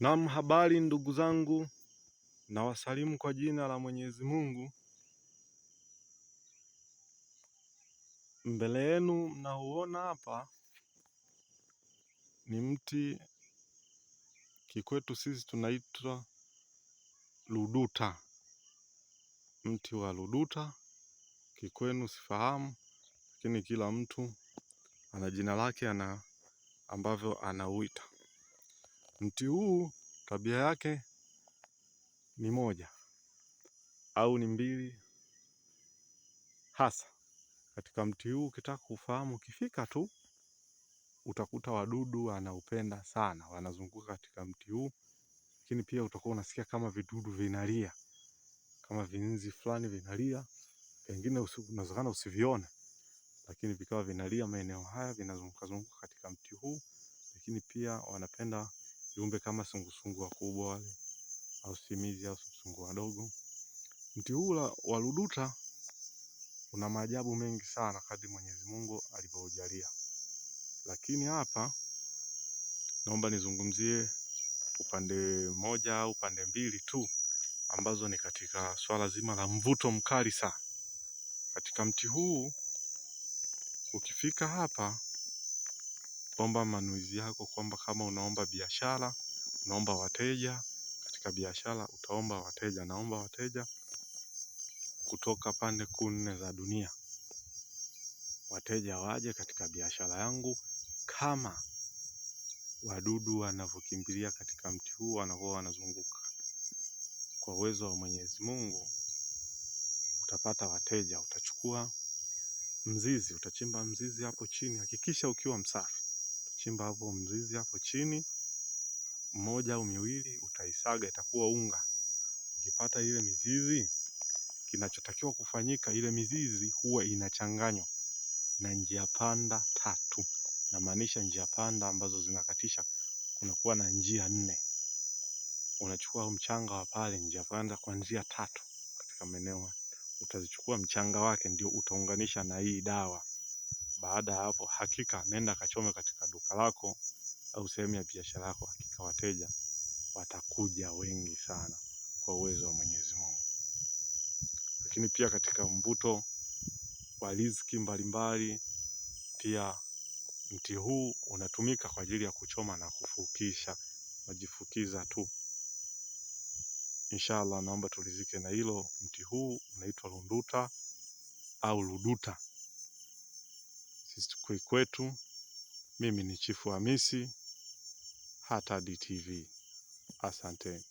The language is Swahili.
Naam, habari ndugu zangu, nawasalimu kwa jina la Mwenyezi Mungu. Mbele yenu mnauona hapa ni mti, kikwetu sisi tunaitwa luduta, mti wa luduta. Kikwenu sifahamu, lakini kila mtu ana jina lake, ana ambavyo anauita. Mti huu tabia yake ni moja au ni mbili hasa. Katika mti huu ukitaka kufahamu, ukifika tu utakuta wadudu wanaupenda sana, wanazunguka katika mti huu, lakini pia utakuwa unasikia kama vidudu vinalia, kama vinzi fulani vinalia, pengine unawezekana usivione, lakini vikawa vinalia maeneo haya, vinazunguka zunguka katika mti huu, lakini pia wanapenda viumbe kama sungusungu wakubwa wale au simizi au sungusungu wadogo. Mti huu wa ruduta una maajabu mengi sana kadri Mwenyezi Mungu alivyojalia, lakini hapa naomba nizungumzie upande moja au pande mbili tu ambazo ni katika swala zima la mvuto mkali sana katika mti huu. Ukifika hapa omba manuizi yako kwamba kama unaomba biashara, unaomba wateja, katika biashara utaomba wateja, naomba wateja kutoka pande kuu nne za dunia. Wateja waje katika biashara yangu kama wadudu wanavyokimbilia katika mti huu wanakuwa wanazunguka. Kwa uwezo wa Mwenyezi Mungu utapata wateja. Utachukua mzizi, utachimba mzizi hapo chini, hakikisha ukiwa msafi. Chimba hapo mzizi hapo chini mmoja au miwili utaisaga itakuwa unga. Ukipata ile mizizi, kinachotakiwa kufanyika, ile mizizi huwa inachanganywa na njia panda tatu, namaanisha njia panda ambazo zinakatisha, kunakuwa na njia nne. Unachukua mchanga wa pale njia panda kwa njia tatu katika maeneo, utazichukua mchanga wake ndio utaunganisha na hii dawa. Baada ya hapo hakika nenda kachome katika duka lako au sehemu ya biashara yako hakika wateja watakuja wengi sana kwa uwezo wa Mwenyezi Mungu. Lakini pia katika mvuto wa riziki mbalimbali pia mti huu unatumika kwa ajili ya kuchoma na kufukisha, unajifukiza tu. Inshallah naomba tulizike na hilo. Mti huu unaitwa runduta au luduta sisi kwetu. Mimi ni Chifu Hamisi, Hatad TV. Asante.